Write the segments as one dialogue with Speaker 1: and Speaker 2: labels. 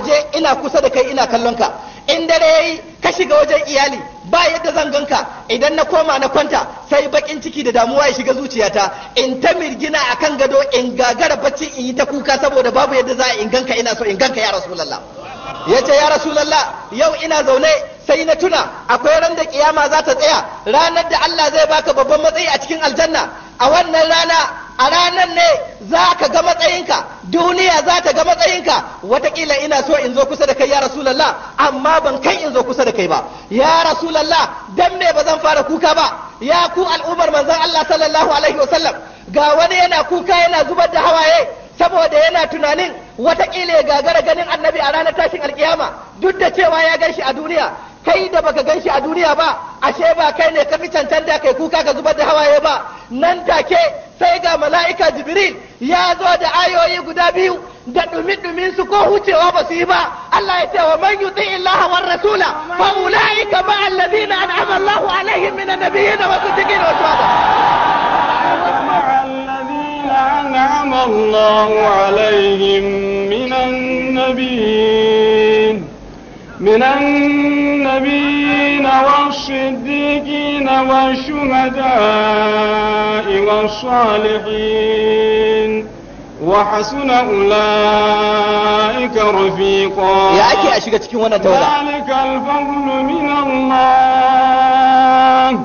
Speaker 1: waje ina kusa da kai ina kallon ka in dare yayi ka shiga wajen iyali ba yadda zan ganka idan na koma na kwanta sai bakin ciki da damuwa ya shiga zuciyata in ta mirgina akan gado in gagara bacci in yi ta kuka saboda babu yadda za in ganka ina so in ganka ya rasulullah yace ya rasulullah yau ina zaune sai na tuna akwai ran da kiyama za ta tsaya ranar da Allah zai baka babban matsayi a cikin aljanna a wannan rana a ranar ne za ka ga matsayinka duniya za ta ga matsayinka watakila ina so in zo kusa da kai ya rasulallah amma ban kai in zo kusa da kai ba ya rasulallah dan me ba zan fara kuka ba ya ku al'ummar manzon Allah sallallahu alaihi wasallam ga wani yana kuka yana zubar da hawaye saboda yana tunanin wataƙila ya gagara ganin annabi a ranar tashin alkiyama duk da cewa ya gan shi a duniya kai da baka gan shi a duniya ba ashe ba kai ne ka fi cancanta kai kuka ka zubar da hawaye ba nan take sai ga mala'ika jibril ya zo da ayoyi guda biyu da dumi-dumin su ko hucewa ba su yi ba Allah ya ce wa man yuti illaha war rasula fa ulaika ma alladhina an'ama
Speaker 2: Allahu alaihim min an-nabiyyin wa siddiqin wa shuhada أنعم الله عليهم من النبيين من النبيين والصالحين والصديقين والشهداء والصالحين وحسن أولئك رفيقا يا أكي أشيك تكون وانا ذلك الفضل من الله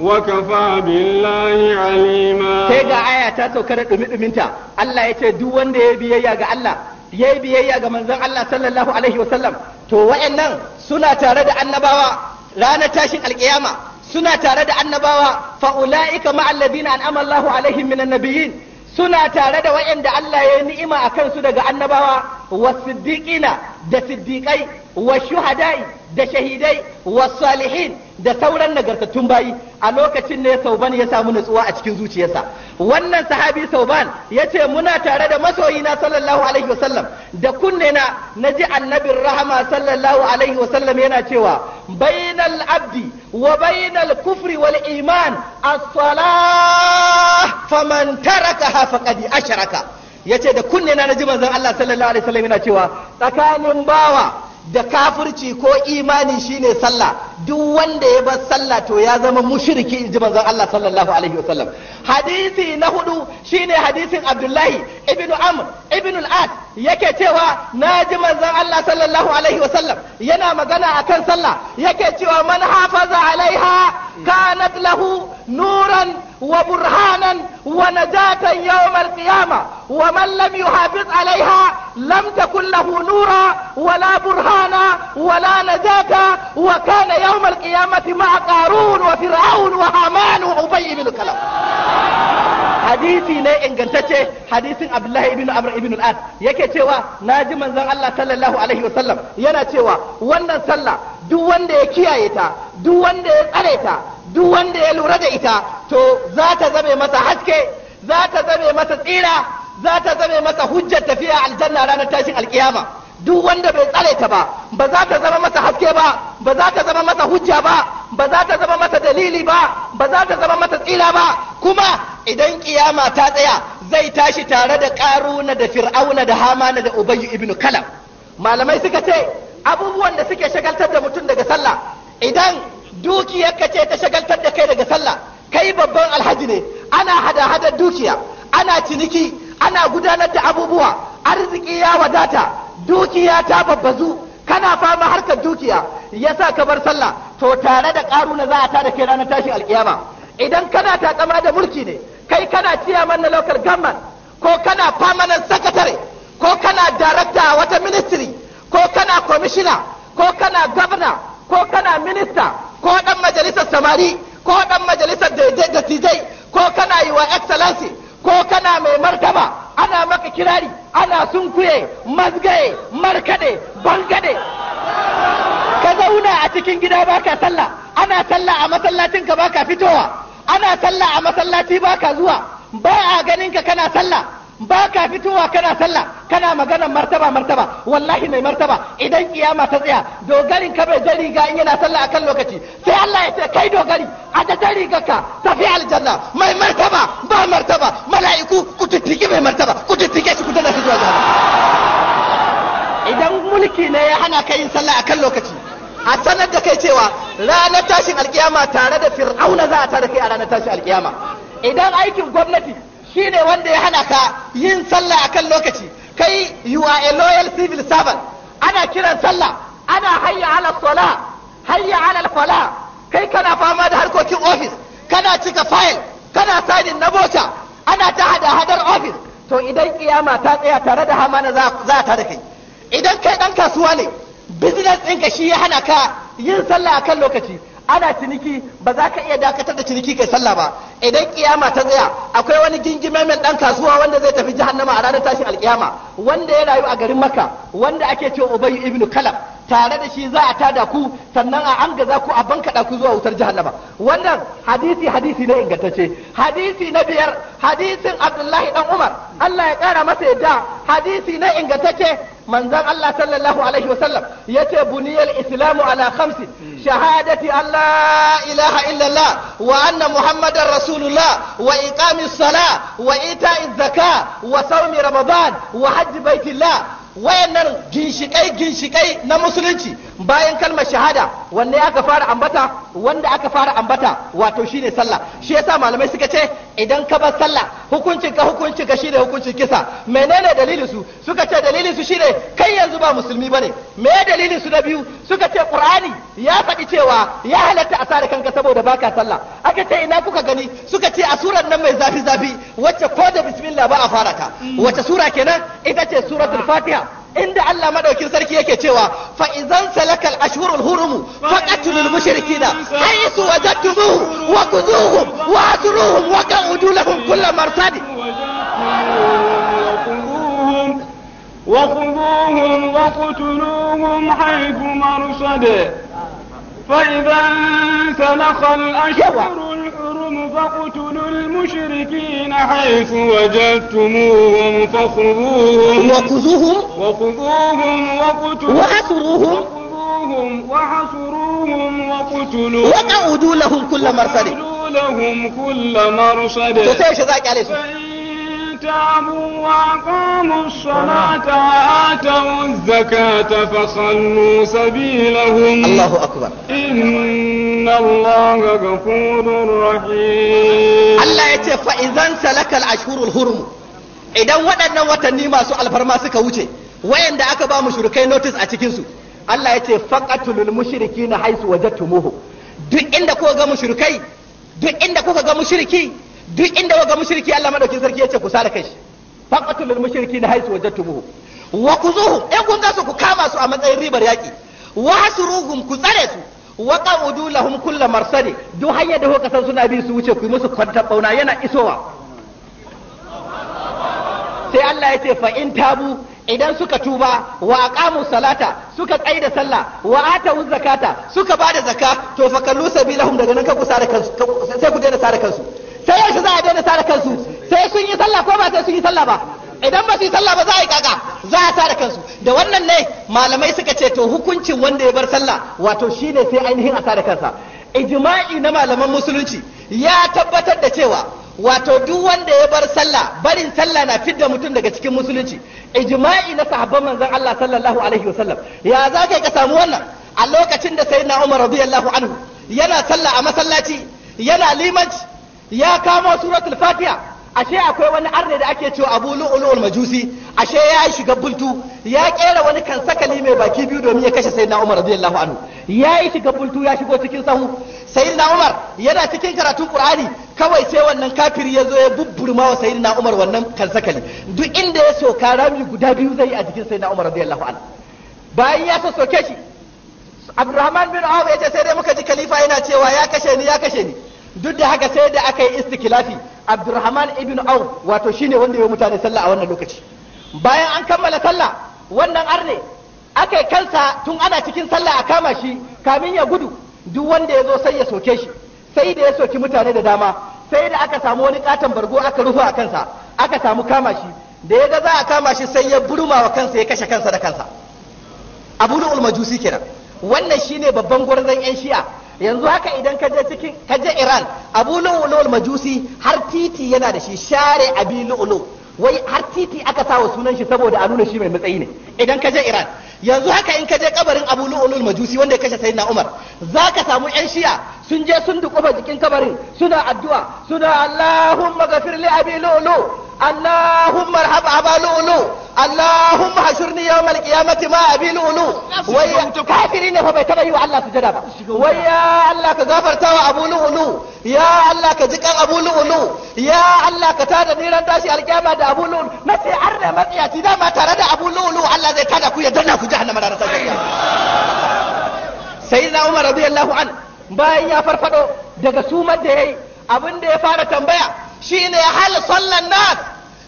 Speaker 2: وكفى بالله عليما sai ga aya ta
Speaker 1: sauka da dumi-duminta Allah ya ce duk wanda ya biyayya ga Allah ya biyayya ga manzon Allah sallallahu alaihi wasallam to wa'annan suna tare da annabawa ranar tashin alkiyama suna tare da annabawa fa ulaika ma'allabi na an'ama alaihi alaihim minan nabiyin suna tare da waɗanda Allah ya yi ni'ima a kansu daga annabawa wasiddiqina da siddiqai wa shuhada'i da shahidai wa salihin da sauran nagartattun bayi a lokacin ne sauban ya samu nutsuwa a cikin zuciyarsa wannan sahabi sau ban yace muna tare da masoyina sallallahu alaihi wasallam da kunne na na ji annabin rahama sallallahu alaihi wasallam yana cewa bainal abdi wa bainar kufri wal iman as-salah faman tarakaha faqad ashraka yace da kunne na naji manzon Allah sallallahu alaihi wasallam yana cewa tsakanin bawa da kafirci ko imani shine sallah duk wanda ya bar sallah to ya zama mushriki inji manzon Allah sallallahu alaihi wasallam hadisi na hudu shine hadisin Abdullahi ibn Amr ibn al-As yake cewa naji manzon Allah sallallahu alaihi wasallam yana magana akan sallah yake cewa man hafaza alaiha kanat lahu nuran وبرهانا ونجاة يوم القيامة ومن لم يحافظ عليها لم تكن له نورا ولا برهانا ولا نجاة وكان يوم القيامة مع قارون وفرعون وهامان وعبي بن كلب hadisi ne ingantacce hadisin abdullahi ibn amr ibn al yake cewa ji manzon Allah sallallahu alaihi wasallam yana cewa wannan sallah duk wanda ya kiyaye ta duk wanda ya tsare ta duk wanda ya lura da ita to za ta zame masa haske za ta zame masa tsira za ta zame masa hujjar tafiya aljanna ranar tashin alkiyama duk wanda bai tsare ta ba ba za ta zama masa haske ba ba za ta zama masa hujja ba ba za ta zama masa dalili ba ba za ta zama masa tsira ba kuma idan kiyama ta tsaya zai tashi tare da karuna da fir'auna da hamana da ubayyu ibnu kalam malamai suka ce abubuwan da suke shagaltar da mutum daga sallah idan Dukiyar ka ce ta shagaltar da kai daga sallah kai babban alhaji ne ana hada-hadar dukiya ana ciniki ana gudanar da abubuwa arziki ya wadata dukiya ta babbazu kana fama harkar dukiya yasa ka bar sallah to tare da karuna za a tada kai ranar tashin alkiyama idan kana takama da mulki ne kai kana ciyaman na lokar government ko kana permanent sakatare ko kana director a wata ministry ko kana commissioner ko kana governor ko kana minister ko ɗan majalisar samari ko dan majalisar tijai ko kana yi wa excellency ko kana mai martaba ana maka kirari ana sunkuye mazgaye markade bangade ka zauna a cikin gida baka sallah ana sallah a masallacin ka baka fitowa ana sallah a masallaci baka zuwa ba a ganin ka kana sallah ba ka fitowa kana sallah kana maganar martaba martaba wallahi mai martaba idan kiyama ta tsaya dogarin ka bai jan riga in yana sallah akan lokaci sai Allah ya ce kai dogari a da jan riga ka tafi aljanna mai martaba ba martaba mala'iku ku tuttuki mai martaba ku tuttuke shi ku tana shi zuwa idan mulki ne ya hana ka yin sallah akan lokaci a sanar da kai cewa ranar tashin alkiyama tare da fir'auna za a tare kai a ranar tashin alkiyama idan aikin gwamnati Shi ne wanda ya hana ka yin sallah a kan lokaci kai you are a loyal civil servant ana kiran sallah ana hayya ala sola, hayya ala fala kai kana fama da harkokin ofis? kana cika fayil? kana sadin na bota ana ta hada hadar ofis? to idan kiyama ta tsaya tare da hamana za ta da kai idan kai ɗan kasuwa ne business ɗinka shi ya hana ka yin sallah a kan lokaci ana ciniki ba za ka iya dakatar da ciniki kai sallah ba idan kiyama ta tsaya akwai wani gingime mai dan kasuwa wanda zai tafi jahannama a ranar tashin alkiyama wanda ya rayu a garin makka wanda ake cewa ubay ibnu kalab tare da shi za a tada ku sannan a an gaza ku a bankaɗa ku zuwa wutar jahannama wannan hadisi hadisi ne ingantacce hadisi na biyar hadisin abdullahi dan umar allah ya kara masa yadda hadisi na ingantacce manzon allah sallallahu alaihi wasallam ya ce buniyar islamu ala khamsi shahadati allah ilaha illallah wa anna muhammadan rasulullah wa iqamis sala wa ita'iz zaka wa sawmi ramadan wa hajji baitillah wayannan ginshikai ginshikai na musulunci bayan kalmar shahada wanne aka fara ambata wanda aka fara ambata wato shine sallah shi yasa malamai suka ce idan ka bar sallah hukuncin ka hukunci ka shine hukuncin kisa menene dalilin su suka ce dalilin su shine kai yanzu ba musulmi bane me dalilin su na biyu suka ce qur'ani ya faɗi cewa ya halatta a sare kanka saboda baka sallah aka ce ina kuka gani suka ce a surar nan mai zafi zafi wacce ko da bismillah ba a fara ta mm. wacce sura kenan ita ce suratul fatiha inda Allah madaukin sarki yake cewa fa idan salakal ashhurul hurum fa يقول للمشركين حيث وجدتموه وخذوهم واعتروهم وقعدوا لهم كل مرصد
Speaker 2: وخذوهم وقتلوهم حيث مرصد فإذا انسلخ الأشهر الحرم فاقتلوا المشركين حيث وجدتموهم فخذوهم وخذوهم وخذوهم وقتلوهم فاحصروهم وحصروهم وقتلوهم وقعدوا لهم كل مرصد وقعدوا لهم كل مرصد فإن تابوا وأقاموا الصلاة وآتوا الزكاة فخلوا سبيلهم الله أكبر إن الله غفور رحيم الله يتفى إذا سلك الأشهر الهرم
Speaker 1: idan waɗannan watanni masu alfarma suka wuce wayanda aka ba mu shurukai notice a cikinsu Allah ya ce faqatulul mushrikina haisu wajatumuhu duk inda kuka ga mushrikai duk inda kuka ga mushriki duk inda kuka ga mushriki Allah madaukin sarki ya ce ku sare kai shi faqatulul mushrikina haisu wajatumuhu wa kuzuhu in kun ga su ku kama su a matsayin ribar yaki wa hasruhum ku tsare su wa qa'udu lahum kullu marsadi duk hanyar da kuka san suna bi su wuce ku yi musu kwanta bauna yana isowa sai Allah ya ce fa in tabu idan suka tuba wa aqamu salata suka da sallah wa atawu zakata suka ba da zakka to fa kallu sabilahum daga nan ka kusa da kansu sai ku daina sare kansu sai yaushe za a daina sare kansu sai sun yi sallah ko ba sai sun yi sallah ba idan ba su yi sallah ba za a yi kaka za a sare kansu da wannan ne malamai suka ce to hukuncin wanda ya bar sallah wato shine sai ainihin a sare kansa ijma'i na malaman musulunci ya tabbatar da cewa wato duk wanda ya bar sallah barin sallah na fidda mutum daga cikin musulunci ijma'i na sahabban manzon Allah sallallahu alaihi wasallam ya za kai ka samu wannan a lokacin da sayyidina Umar radiyallahu anhu yana sallah a masallaci yana limanci ya kamo suratul fatiha ashe akwai wani arne da ake cewa abu lu'lu'ul majusi ashe ya yi shiga bultu ya kera wani kansakali mai baki biyu domin ya kashe sayyidina Umar radiyallahu anhu ya yi shiga bultu ya shigo cikin sahu sayyidina Umar yana cikin karatun Qur'ani kawai sai wannan kafiri ya zo ya bubburma wa sayyidina Umar wannan kansakali duk inda ya soka rami guda biyu zai a jikin sayyidina Umar radiyallahu anhu bayan ya so soke shi Abdurrahman bin Auf ya ce sai dai muka ji khalifa yana cewa ya kashe ni ya kashe ni duk da haka sai da aka yi istikilafi Abdurrahman ibn Auf wato shine wanda ya mutane sallah a wannan lokaci bayan an kammala sallah wannan arne aka kansa tun ana cikin sallah a kama shi kamin ya gudu duk wanda ya zo sai ya soke shi sai da ya soki mutane da dama sai da aka samu wani katon bargo aka rufe a kansa aka samu kama shi da ya ga za a kama shi sai ya burma wa kansa ya kashe kansa da kansa abu da ulmajusi kenan wannan shine babban gwarzon yan shi'a yanzu haka idan ka je cikin ka je iran abu lu'lu'ul majusi har titi yana da shi share abi lu'lu' wai har titi aka sa wa sunan shi saboda a nuna shi mai matsayi ne idan ka je Iran yanzu haka in ka je kabarin Abu Lu'lu'ul Majusi wanda ya kashe Sayyidina Umar ka samu ƴan Shi'a sun je sun dukufa jikin kabarin suna addu'a suna Allahumma ghafir li Abi Lu'lu' Allahumma arhab Aba Lu'lu' Allahumma hashurni yawmal qiyamati ma abil ulu wai kafiri ne fa bai taba yi wa Allah sujada ba wai ya Allah ka gafarta wa Abu Lu'lu ya Allah ka ji kan Abu Lu'lu ya Allah ka tada ni ran tashi alkiyama da Abu Lu'lu nace har da matsiyaci dama tare da Abu Lu'lu Allah zai tada ku ya danna ku jahannama da ranar sai na Umar radiyallahu an bayan ya farfaɗo daga sumar da yayi abin da ya fara tambaya shine hal sallan nas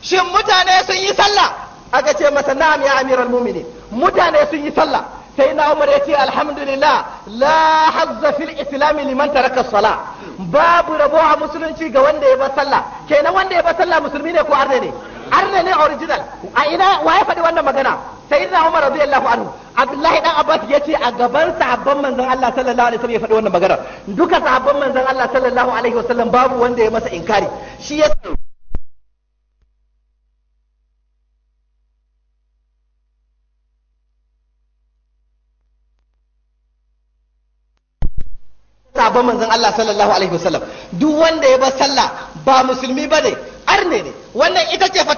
Speaker 1: shin mutane sun yi sallah aka ce masa na'am ya amiral mu'minin mutane sun yi sallah sai na umar ya ce alhamdulillah la hazza fil islam liman taraka sala babu rabo a musulunci ga wanda ya bar sallah kenan wanda ya bar sallah musulmi ne ko arne ne arne ne original a ina wa ya faɗi wannan magana sai na umar radiyallahu anhu abdullahi dan abbas ya ce a gaban sahabban manzon Allah sallallahu alaihi wasallam ya faɗi wannan magana duka sahabban manzon Allah sallallahu alaihi wasallam babu wanda ya masa inkari shi ya sahabban manzon Allah sallallahu alaihi wasallam duk wanda ya bar sallah ba musulmi bane arne ne wannan ita ce